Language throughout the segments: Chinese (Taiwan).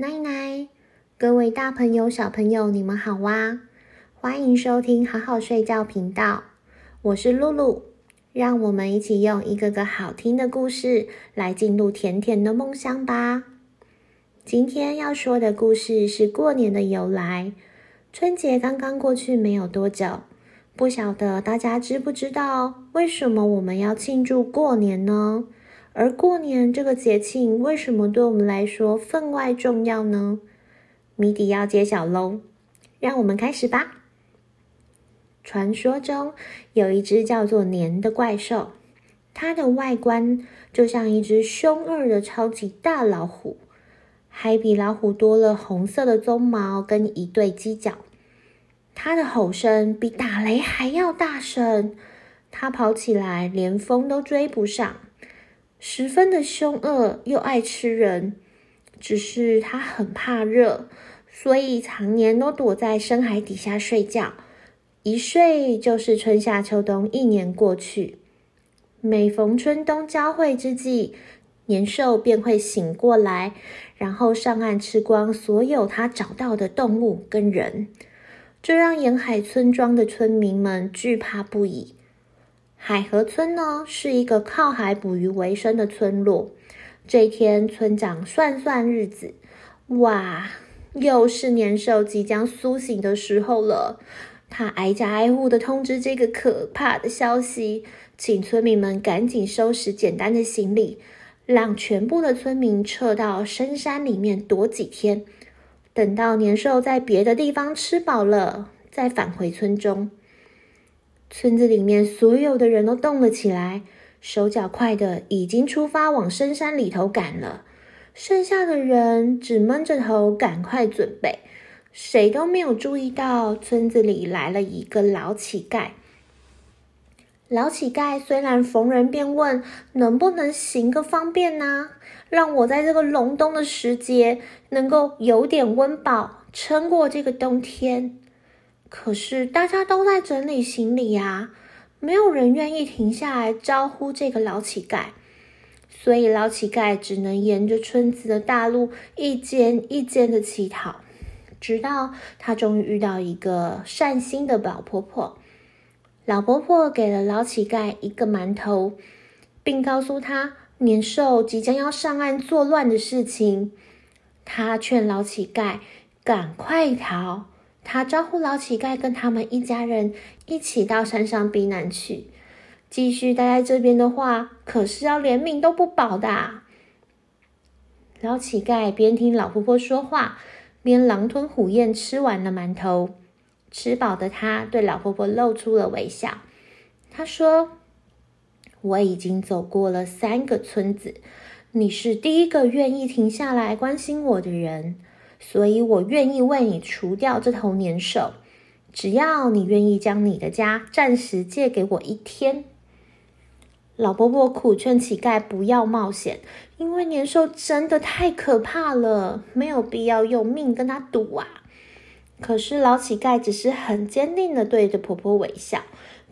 奶奶，各位大朋友、小朋友，你們好哇！歡迎收聽好好睡覺頻道，我是露露，讓我們一起用一個個好聽的故事來進入甜甜的夢鄉吧。今天要說的故事是過年的由來。春節剛剛過去沒有多久，不曉得大家知不知道為什麼我們要慶祝過年呢？而過年這個節慶為什麼對我們來說分外重要呢？謎底要揭曉嘍！讓我們開始吧。傳說中有一隻叫做年的怪獸，它的外觀就像一只凶惡的超級大老虎，還比老虎多了紅色的鬃毛跟一對犄角。它的吼聲比打雷還要大聲，它跑起來連風都追不上。十分的凶惡，又愛吃人。只是它很怕熱，所以常年都躲在深海底下睡覺，一睡就是春夏秋冬一年過去。每逢春冬交匯之際，年獸便會醒過來，然後上岸吃光所有它找到的動物跟人，這讓沿海村莊的村民們懼怕不已。海河村呢，是一個靠海捕魚為生的村落。這一天，村長算算日子，哇，又是年獸即將蘇醒的時候了。他挨家挨戶的通知這個可怕的消息，請村民們趕緊收拾簡單的行李，讓全部的村民撤到深山裡面躲幾天，等到年獸在別的地方吃飽了，再返回村中。村子裡面所有的人都動了起來，手腳快的已經出發往深山裡頭趕了，剩下的人只悶着頭趕快準備，誰都沒有注意到村子裡來了一個老乞丐。老乞丐雖然逢人便問能不能行個方便呢，讓我在這個隆冬的時節能夠有點溫飽，撐過這個冬天。可是大家都在整理行李啊，沒有人願意停下來招呼這個老乞丐，所以老乞丐只能沿着村子的大路一間一間的乞討，直到他終於遇到一個善心的老婆婆。老婆婆給了老乞丐一個饅頭，並告訴他年獸即將要上岸作亂的事情，她勸老乞丐趕快逃。他招呼老乞丐跟他們一家人一起到山上避難去。繼續待在這邊的話，可是要連命都不保的啊。老乞丐邊聽老婆婆說話，邊狼吞虎咽吃完了饅頭。吃飽的他，對老婆婆露出了微笑。他說：“我已經走過了三個村子，你是第一個願意停下來關心我的人。”所以我願意為你除掉這頭年獸，只要你願意將你的家暫時借給我一天。老婆婆苦勸乞丐不要冒險，因為年獸真的太可怕了，沒有必要用命跟他賭啊。可是老乞丐只是很堅定的對着婆婆微笑，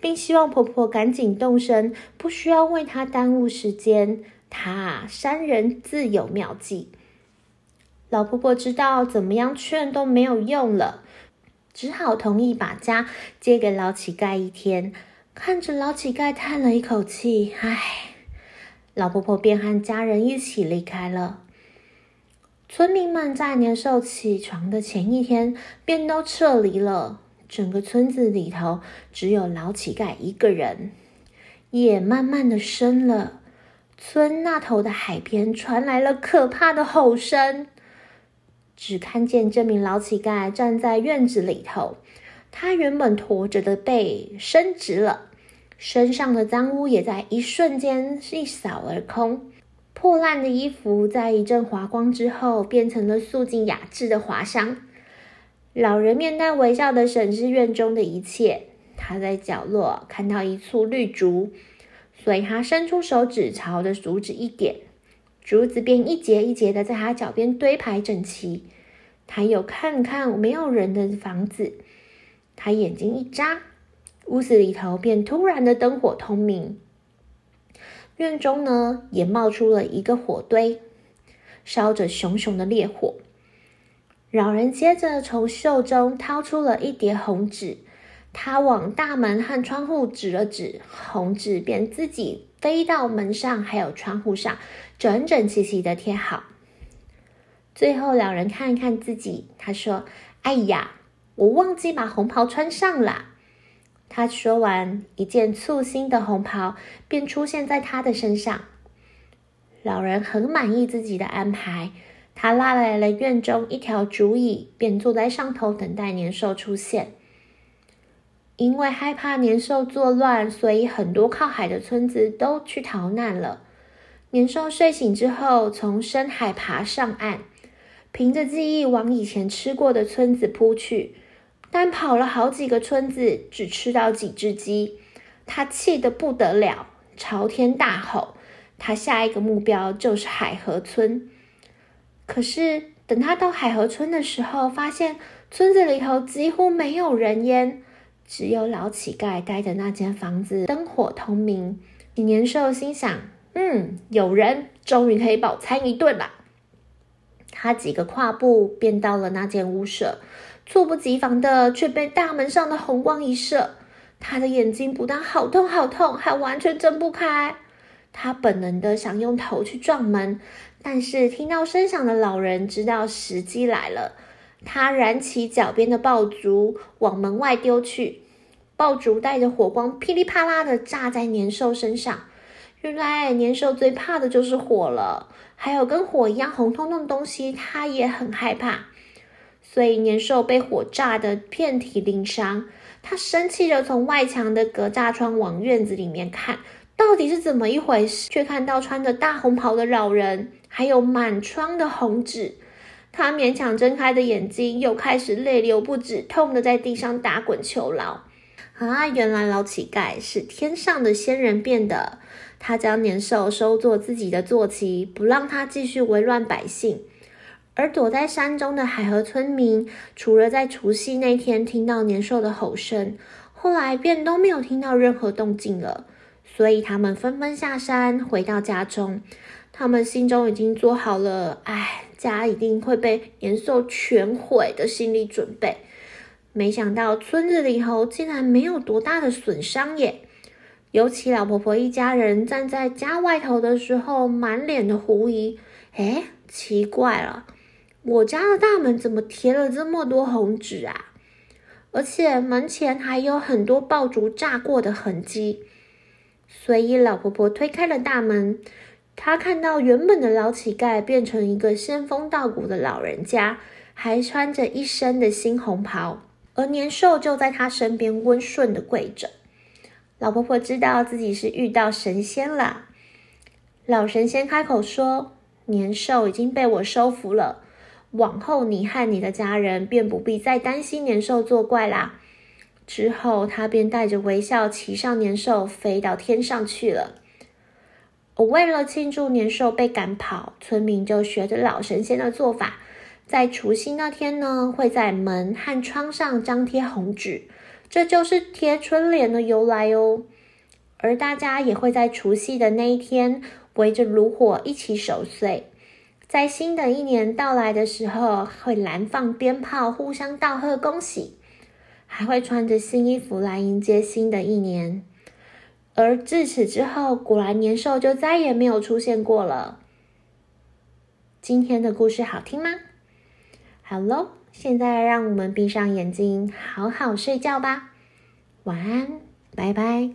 並希望婆婆趕緊動身，不需要為他耽誤時間，他啊，山人自有妙計。老婆婆知道怎麼樣勸都沒有用了，只好同意把家借給老乞丐一天。看着老乞丐嘆了一口氣：“唉。”老婆婆便和家人一起離開了。村民們在年獸起床的前一天便都撤離了，整個村子裡頭只有老乞丐一個人。夜慢慢的深了，村那頭的海邊傳來了可怕的吼聲。只看見這名老乞丐站在院子裡頭，他原本駝着的背伸直了，身上的髒污也在一瞬間一掃而空，破爛的衣服在一陣華光之後變成了素淨雅致的華裳。老人面帶微笑的審視院中的一切，他在角落看到一簇綠竹，所以他伸出手指朝着竹子一點。竹子便一節一節的在他腳邊堆排整齊，他又看看沒有人的房子，他眼睛一眨，屋子裡頭便突然的燈火通明，院中呢也冒出了一個火堆，燒着熊熊的烈火，老人接着從袖中掏出了一疊紅紙。他往大門和窗戶指了指，紅紙便自己飛到門上，還有窗戶上，整整齊齊的貼好。最後，老人看一看自己，他說：“哎呀，我忘記把紅袍穿上了。”他說完，一件簇新的紅袍便出現在他的身上。老人很滿意自己的安排，他拉來了院中一條竹椅，便坐在上頭，等待年獸出現。因為害怕年獸作亂，所以很多靠海的村子都去逃難了。年獸睡醒之後，從深海爬上岸，憑着記憶往以前吃過的村子撲去。但跑了好幾個村子，只吃到幾隻雞，他氣得不得了，朝天大吼。他下一個目標就是海河村。可是等他到海河村的時候，發現村子裡頭幾乎沒有人煙。只有老乞丐待的那間房子燈火通明。年獸心想：“嗯，有人，終於可以飽餐一頓了。”他幾個跨步便到了那間屋舍，猝不及防的卻被大門上的紅光一射，他的眼睛不但好痛好痛，還完全睜不開。他本能的想用頭去撞門，但是聽到聲響的老人知道時機來了。他燃起腳邊的爆竹，往門外丟去，爆竹帶着火光噼里啪啦的炸在年獸身上。原來年獸最怕的就是火了，還有跟火一樣紅彤彤的東西，他也很害怕。所以年獸被火炸得遍體鱗傷。他生氣地從外牆的格柵窗往院子裡面看，到底是怎麼一回事？卻看到穿着大紅袍的老人，還有滿窗的紅紙。他勉強睜開的眼睛又開始淚流不止，痛的在地上打滾求饒。啊，原來老乞丐是天上的仙人變的，他將年獸收作自己的坐騎，不讓他繼續為亂百姓。而躲在山中的海河村民，除了在除夕那天聽到年獸的吼聲，後來便都沒有聽到任何動靜了。所以他們紛紛下山回到家中，他們心中已經做好了，哎，家一定會被年獸全毀的心理準備。沒想到村子裡頭竟然沒有多大的損傷耶！尤其老婆婆一家人站在家外頭的時候，滿臉的狐疑：“哎，奇怪了，我家的大門怎麼貼了這麼多紅紙啊？而且門前還有很多爆竹炸過的痕跡。”所以，老婆婆推開了大門，她看到原本的老乞丐變成一個仙風道骨的老人家，還穿着一身的新紅袍，而年獸就在她身邊溫順的跪着。老婆婆知道自己是遇到神仙了。老神仙開口說：“年獸已經被我收服了，往後你和你的家人便不必再擔心年獸作怪啦。”之後，他便帶着微笑騎上年獸飛到天上去了。我為了慶祝年獸被趕跑，村民就學着老神仙的做法，在除夕那天呢，會在門和窗上張貼紅紙，這就是貼春聯的由來哦。而大家也會在除夕的那一天圍着爐火一起守歲，在新的一年到來的時候，會燃放鞭炮，互相道賀恭喜。還會穿着新衣服來迎接新的一年，而自此之後，果然年獸就再也沒有出現過了。今天的故事好聽嗎？好嘍，現在讓我們閉上眼睛，好好睡覺吧。晚安，拜拜。